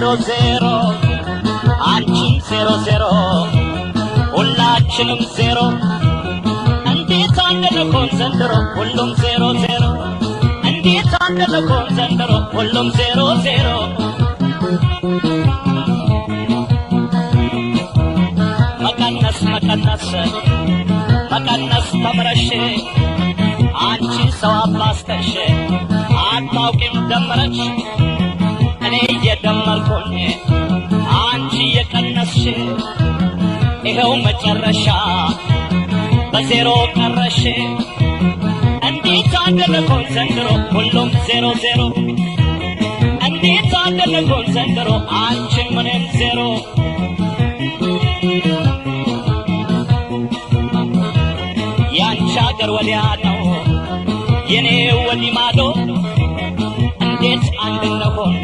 ዜሮ ዜሮ አንቺም ዜሮ ዜሮ ሁላችንም ዜሮ እንዴት አንደለኮን ዘንድሮ ሁሉም ዜሮ ዜሮ እንዴት አንደለኮን ዘንድሮ ሁሉም ዜሮ ዜሮ መቀነስ መቀነስ መቀነስ ተምረሽ አንቺ ሰው አባስተሽ አታውቂም ደምረች እኔ እየደመርኩኝ አንቺ እየቀነስሽ ይኸው መጨረሻ በዜሮ ቀረሽ። እንዴት አደነኮን ዘንድሮ ሁሉም ዜሮ ዜሮ። እንዴት አደነኮን ዘንድሮ አንቺ ምንም ዜሮ ያንቺ ወዲያ ነው የኔ ወዲህ ማዶ እንዴት አንድ ነሆነ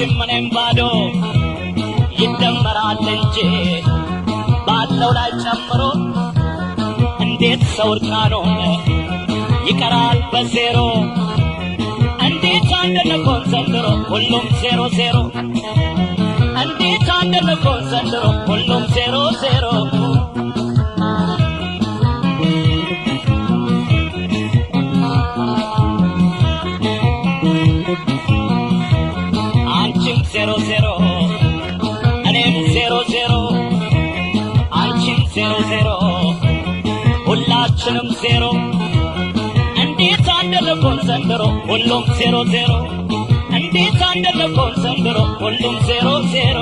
አንቺም እኔም ባዶ ይደመራል እንጂ ባለው ላይ ጨምሮ እንዴት ሰው እርቃኑን ይቀራል በዜሮ? እንዴት ዘንድሮ ሁሉም ዜሮ ዜሮ እንዴት ዘንድሮ ሁሉም ዜሮ ዜሮ ዜሮ ዜሮ እኔም ዜሮ ዜሮ አንቺም ዜሮ ዜሮ ሁላችንም ዜሮ እንዴት አንደለኮን ዘንድሮ ሁሉም ዜሮ ዜሮ እንዴት አንደለኮን ዘንድሮ ሁሉም ዜሮ ዜሮ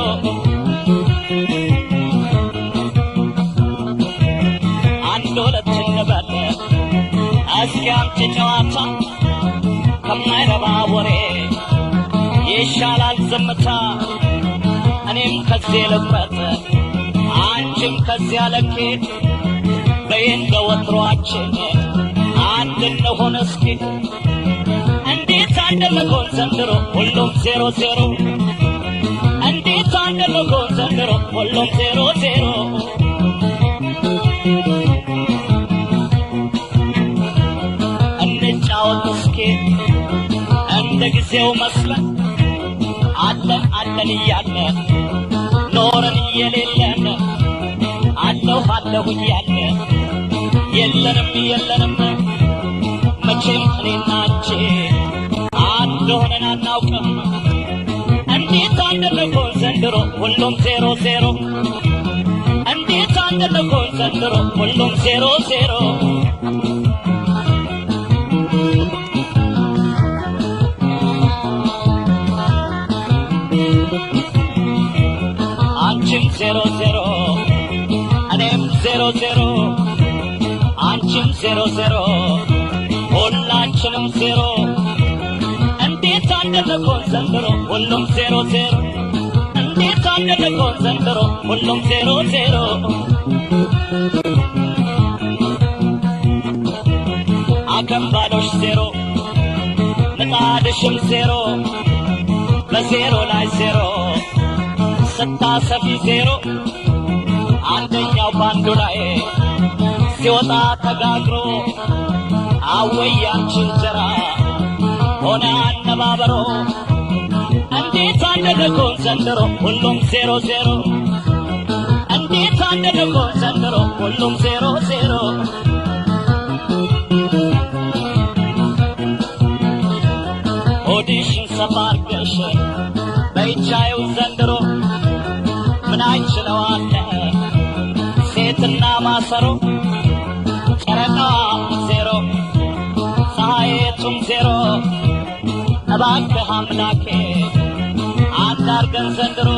አንድ ሁለት እንበል እስኪ አምጪ ጨዋታ ከማይረባ ወሬ ይሻላል ዝምታ እኔም ከዚህ ልበት አንቺም ከዚህ አለቂት በይን በወትሯችን አንድ እንሆን እስኪ እንዴት አንድ ልሆን ዘንድሮ ሁሉም ዜሮ ዜሮ እንዴት አንድ ልሆን ዘንድሮ ሁሉም ዜሮ ዜሮ እንጫወት እስኪ እንደ ጊዜው መስለን አለ አለን እያለ ኖረን የሌለን አለሁ አለሁ እያለ የለንም የለንም መቼም እኔና አንቺ አንድ ሆነን አናውቅም። እንዴት አንደለኮን ዘንድሮ ሁሉም ዜሮ ዜሮ እንዴት አንደለኮን ዘንድሮ ሁሉም ዜሮ ዜሮ ዜሮ ዜሮ ሁላችንም ዜሮ እንዴት አንደለኮን ዘንድሮ ሁሉም ዜሮ ዜሮ እንዴት አንደለኮን ዘንድሮ ሁሉም ዜሮ ዜሮ አከምባሎች ዜሮ ምጣድሽም ዜሮ በዜሮ ላይ ዜሮ ስታሰፊ ዜሮ አንደኛው ባንዱ ላይ ሲወጣ ተጋግሮ አወያች እንጀራ ሆነ አነባበሮ እንዴት አንደደጎን ዘንድሮ ሁሉም ዜሮ ዜሮ እንዴት አንደደጎን ዘንድሮ ሁሉም ዜሮ ዜሮ ሆድሽን ሰፋ አርገሽ በይቻየው ዘንድሮ ምናችለዋለ ሴትና ማሰሮ ጨረቃ ዜሮ ፀሐይቱም ዜሮ እባክህ አምላኬ አንዳርገን ዘንድሮ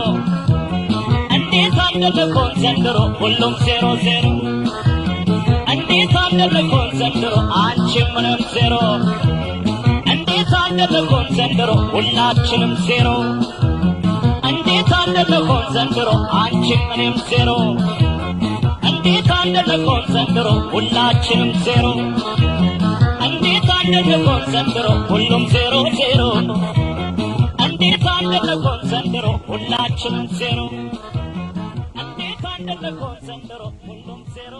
እንዴት አንደለኮን ዘንድሮ ሁሉም ዜሮ ዜሮ እንዴት አንደለኮን ዘንድሮ አንቺ ምንም ዜሮ እንዴት አንደለኮን ዘንድሮ ሁላችንም ዜሮ እንዴት አንደለኮን ዘንድሮ አንቺ ምንም ዜሮ እንዴት አደረኮን ዘንድሮ ሁላችንም ዜሮ እንዴት አደረኮን ዘንድሮ ሁሉም ዜሮ ዜሮ እንዴት አደረኮን ዘንድሮ ሁላችንም ዜሮ እንዴት አደረኮን ዘንድሮ ሁሉም ዜሮ